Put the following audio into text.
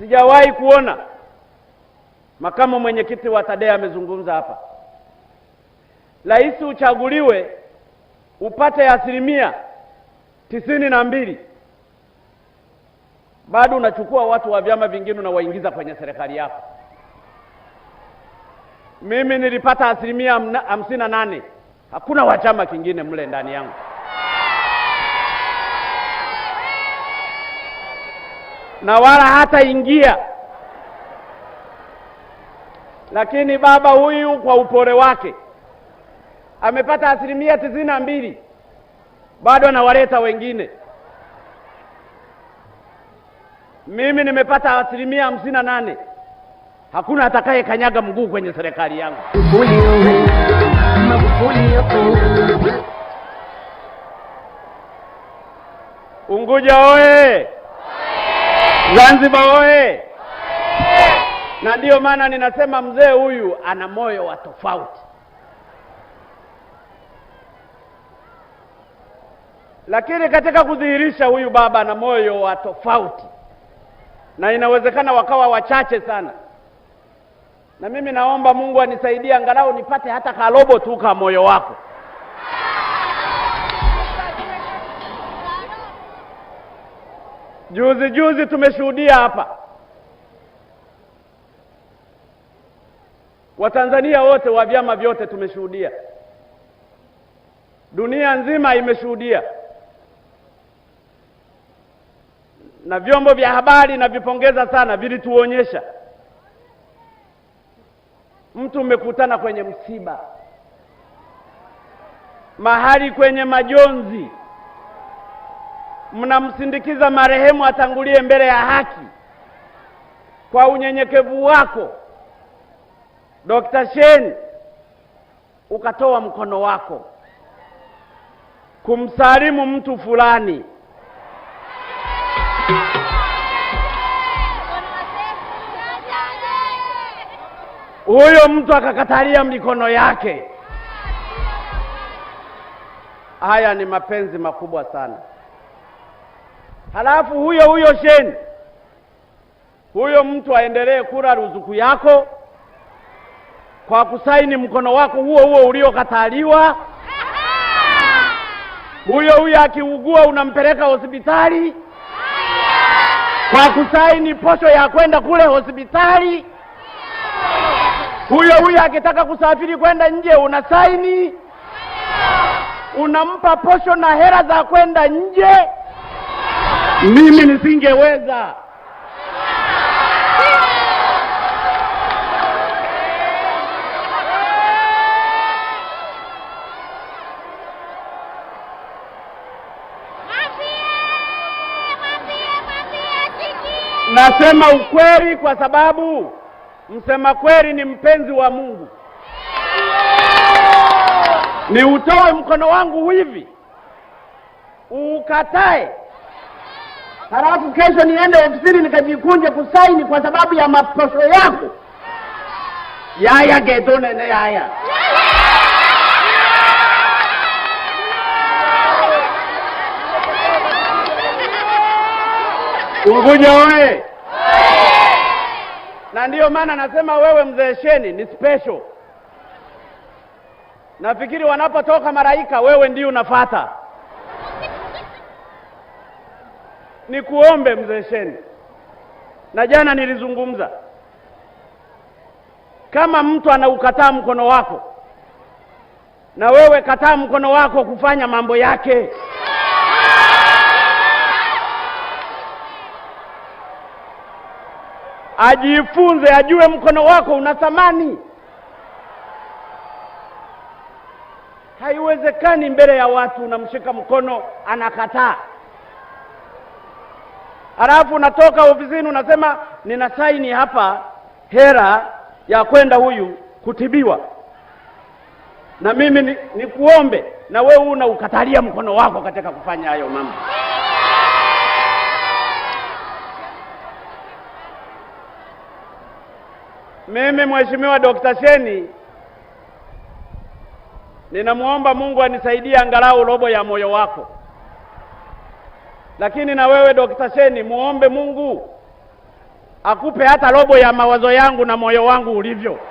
Sijawahi kuona makamu mwenyekiti wa Tadea amezungumza hapa, rais uchaguliwe upate asilimia tisini na mbili bado unachukua watu wa vyama vingine unawaingiza kwenye serikali yako. Mimi nilipata asilimia hamsini na nane, hakuna wa chama kingine mle ndani yangu. na wala hataingia. Lakini baba huyu kwa upole wake amepata asilimia tisini na mbili, bado anawaleta wengine. Mimi nimepata asilimia hamsini na nane. Hakuna atakaye kanyaga mguu kwenye serikali yangu. Unguja oye! Zanzibar oye! Na ndiyo maana ninasema mzee huyu ana moyo wa tofauti. Lakini katika kudhihirisha huyu baba ana moyo wa tofauti, na inawezekana wakawa wachache sana, na mimi naomba Mungu anisaidie angalau nipate hata karobo tu ka moyo wako. Juzi juzi tumeshuhudia hapa Watanzania wote wa vyama vyote tumeshuhudia, dunia nzima imeshuhudia, na vyombo vya habari navipongeza sana, vilituonyesha mtu umekutana kwenye msiba, mahali kwenye majonzi mnamsindikiza marehemu atangulie mbele ya haki kwa unyenyekevu wako Dr. Shen ukatoa mkono wako kumsalimu mtu fulani huyo mtu akakatalia mikono yake. Haya ni mapenzi makubwa sana. Halafu huyo huyo sheni huyo mtu aendelee kula ruzuku yako kwa kusaini mkono wako huo huo uliokataliwa. Huyo huyo akiugua unampeleka hospitali kwa kusaini posho ya kwenda kule hospitali. Huyo huyo akitaka kusafiri kwenda nje unasaini, unampa posho na hela za kwenda nje mimi nisingeweza. Nasema ukweli kwa sababu msema kweli ni mpenzi wa Mungu. Niutoe mkono wangu hivi ukatae halafu kesho niende ofisini nikajikunje kusaini kwa sababu ya maposho yako yaya gedonene yaya Unguja we Na ndiyo maana nasema wewe mzee Sheni ni special. Nafikiri wanapotoka maraika wewe ndio unafata. nikuombe mzee Sheni, na jana nilizungumza, kama mtu anaukataa mkono wako, na wewe kataa mkono wako kufanya mambo yake. Ajifunze, ajue mkono wako una thamani. Haiwezekani mbele ya watu unamshika mkono anakataa halafu unatoka ofisini unasema nina saini hapa hera ya kwenda huyu kutibiwa, na mimi ni, ni kuombe na wewe una ukatalia mkono wako katika kufanya hayo mambo. Mimi Mheshimiwa Dr. Sheni ninamwomba Mungu anisaidie angalau robo ya moyo wako. Lakini na wewe Dokta Sheni, muombe Mungu akupe hata robo ya mawazo yangu na moyo wangu ulivyo.